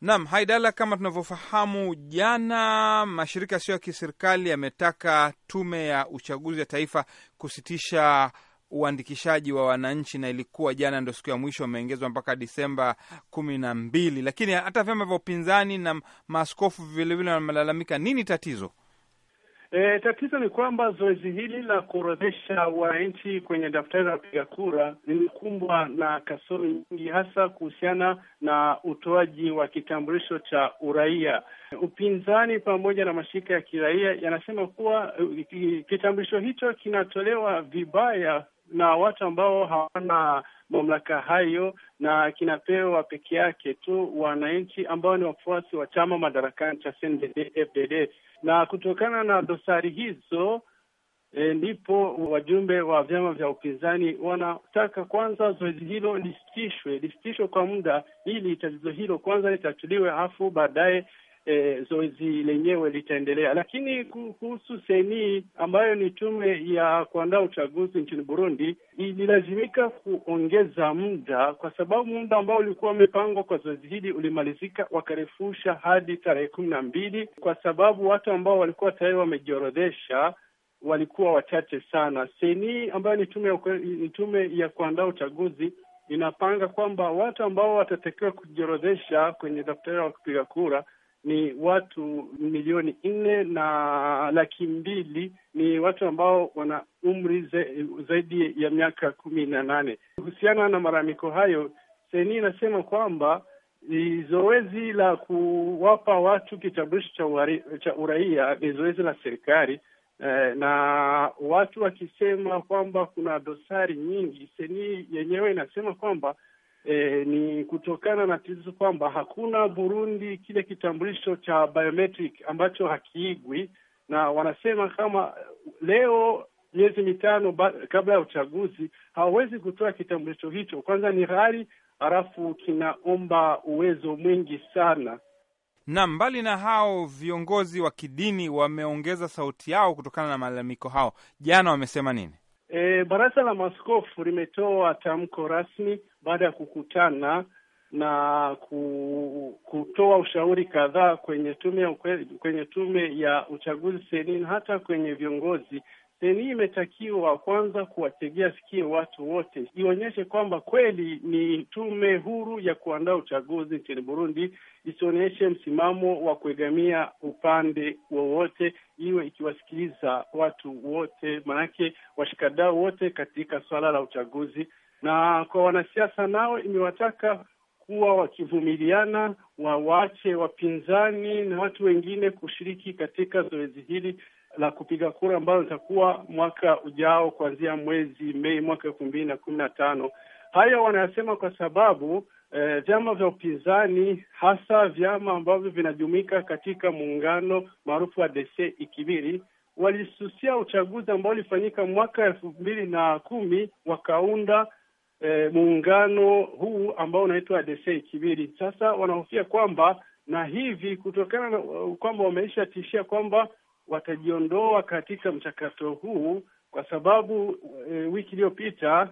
nam Haidala, kama tunavyofahamu, jana mashirika sio ya kiserikali yametaka tume ya uchaguzi ya taifa kusitisha uandikishaji wa wananchi, na ilikuwa jana ndio siku ya mwisho, wameongezwa mpaka Disemba kumi na mbili. Lakini hata vyama vya upinzani na maaskofu vilevile wanalalamika. Nini tatizo? E, tatizo ni kwamba zoezi hili la kuorodhesha wananchi kwenye daftari la wapiga kura limekumbwa na kasoro nyingi, hasa kuhusiana na utoaji wa kitambulisho cha uraia. Upinzani pamoja na mashirika ya kiraia yanasema kuwa e, kitambulisho hicho kinatolewa vibaya na watu ambao hawana mamlaka hayo, na kinapewa peke yake tu wananchi ambao ni wafuasi wa chama madarakani cha CNDD-FDD. Na kutokana na dosari hizo e, ndipo wajumbe wa vyama vya upinzani wanataka kwanza zoezi hilo lisitishwe, lisitishwe kwa muda, ili tatizo hilo kwanza litatuliwe, halafu baadaye eh, zoezi lenyewe litaendelea. Lakini kuhusu seni ambayo ni tume ya kuandaa uchaguzi nchini Burundi ililazimika kuongeza muda kwa sababu muda ambao ulikuwa umepangwa kwa zoezi hili ulimalizika, wakarefusha hadi tarehe kumi na mbili kwa sababu watu ambao walikuwa tayari wamejiorodhesha walikuwa wachache sana. Seni ambayo ni tume ya, tume ya kuandaa uchaguzi inapanga kwamba watu ambao watatakiwa kujiorodhesha kwenye daftari la kupiga kura ni watu milioni nne na laki mbili ni watu ambao wana umri zaidi ya miaka kumi na nane. Kuhusiana na malalamiko hayo, seni inasema kwamba ni zoezi la kuwapa watu kitambulisho cha uraia ni zoezi la serikali eh, na watu wakisema kwamba kuna dosari nyingi, seni yenyewe inasema kwamba e, ni kutokana na tatizo kwamba hakuna Burundi kile kitambulisho cha biometric ambacho hakiigwi, na wanasema kama leo miezi mitano ba, kabla ya uchaguzi hawawezi kutoa kitambulisho hicho. Kwanza ni ghali, halafu kinaomba uwezo mwingi sana. Na mbali na hao, viongozi wa kidini wameongeza sauti yao kutokana na malalamiko hao. Jana wamesema nini? E, baraza la maaskofu limetoa tamko rasmi baada ya kukutana na kutoa ushauri kadhaa kwenye tume ya kwenye tume ya uchaguzi seni hata kwenye viongozi Seni imetakiwa kwanza kuwategea sikio watu wote, ionyeshe kwamba kweli ni tume huru ya kuandaa uchaguzi nchini Burundi, isionyeshe msimamo wa kuegamia upande wowote, iwe ikiwasikiliza watu wote, maanake washikadau wote katika suala la uchaguzi. Na kwa wanasiasa nao imewataka kuwa wakivumiliana, wawache wapinzani na watu wengine kushiriki katika zoezi hili la kupiga kura ambalo litakuwa mwaka ujao kuanzia mwezi Mei mwaka elfu mbili na kumi na tano. Hayo wanayasema kwa sababu eh, vyama vya upinzani hasa vyama ambavyo vinajumuika katika muungano maarufu wa DC Ikibiri walisusia uchaguzi ambao ulifanyika mwaka elfu mbili na kumi wakaunda eh, muungano huu ambao unaitwa DC Ikibiri. Sasa wanahofia kwamba na hivi kutokana na uh, kwamba wameisha tishia kwamba watajiondoa katika mchakato huu kwa sababu e, wiki iliyopita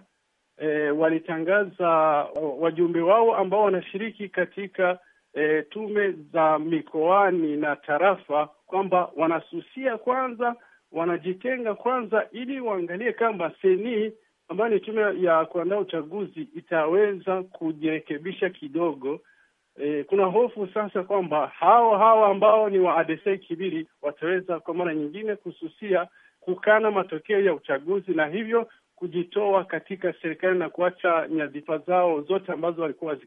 e, walitangaza e, wajumbe wao ambao wanashiriki katika e, tume za mikoani na tarafa kwamba wanasusia kwanza, wanajitenga kwanza, ili waangalie kama seni ambayo ni tume ya kuandaa uchaguzi itaweza kujirekebisha kidogo E, kuna hofu sasa kwamba hao hao ambao ni wa ADC Kibiri wataweza kwa mara nyingine kususia kukana matokeo ya uchaguzi na hivyo kujitoa katika serikali na kuacha nyadhifa zao zote ambazo walikuwa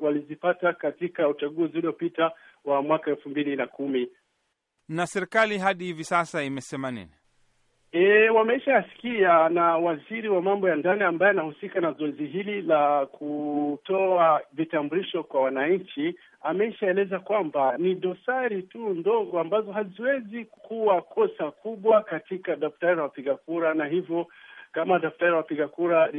walizipata katika uchaguzi uliopita wa mwaka elfu mbili na kumi. Na serikali hadi hivi sasa imesema nini? E, asikia na waziri wa mambo ya ndani ambaye anahusika na zoezi hili la kutoa vitambulisho kwa wananchi ameshaeleza kwamba ni dosari tu ndogo ambazo haziwezi kuwa kosa kubwa katika daftari la wapiga kura, na hivyo kama daftari la wapiga kura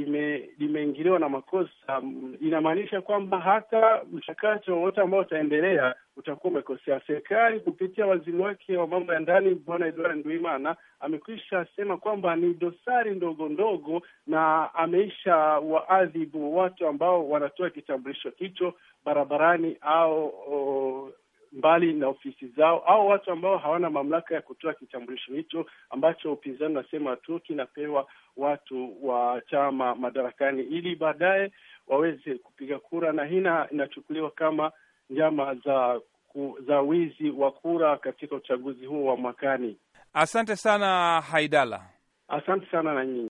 limeingiliwa na makosa, mm, inamaanisha kwamba hata mchakato wote ambao utaendelea utakuwa umekosea. Serikali kupitia waziri wake wa mambo ya ndani Bwana Edward Nduimana amekwisha sema kwamba ni dosari ndogo ndogo, na ameisha waadhibu watu ambao wanatoa kitambulisho hicho barabarani au o, mbali na ofisi zao au watu ambao hawana mamlaka ya kutoa kitambulisho hicho ambacho upinzani unasema tu kinapewa watu wa chama madarakani ili baadaye waweze kupiga kura, na hii inachukuliwa kama njama za za wizi wa kura katika uchaguzi huo wa mwakani. Asante sana Haidala, asante sana na nyinyi.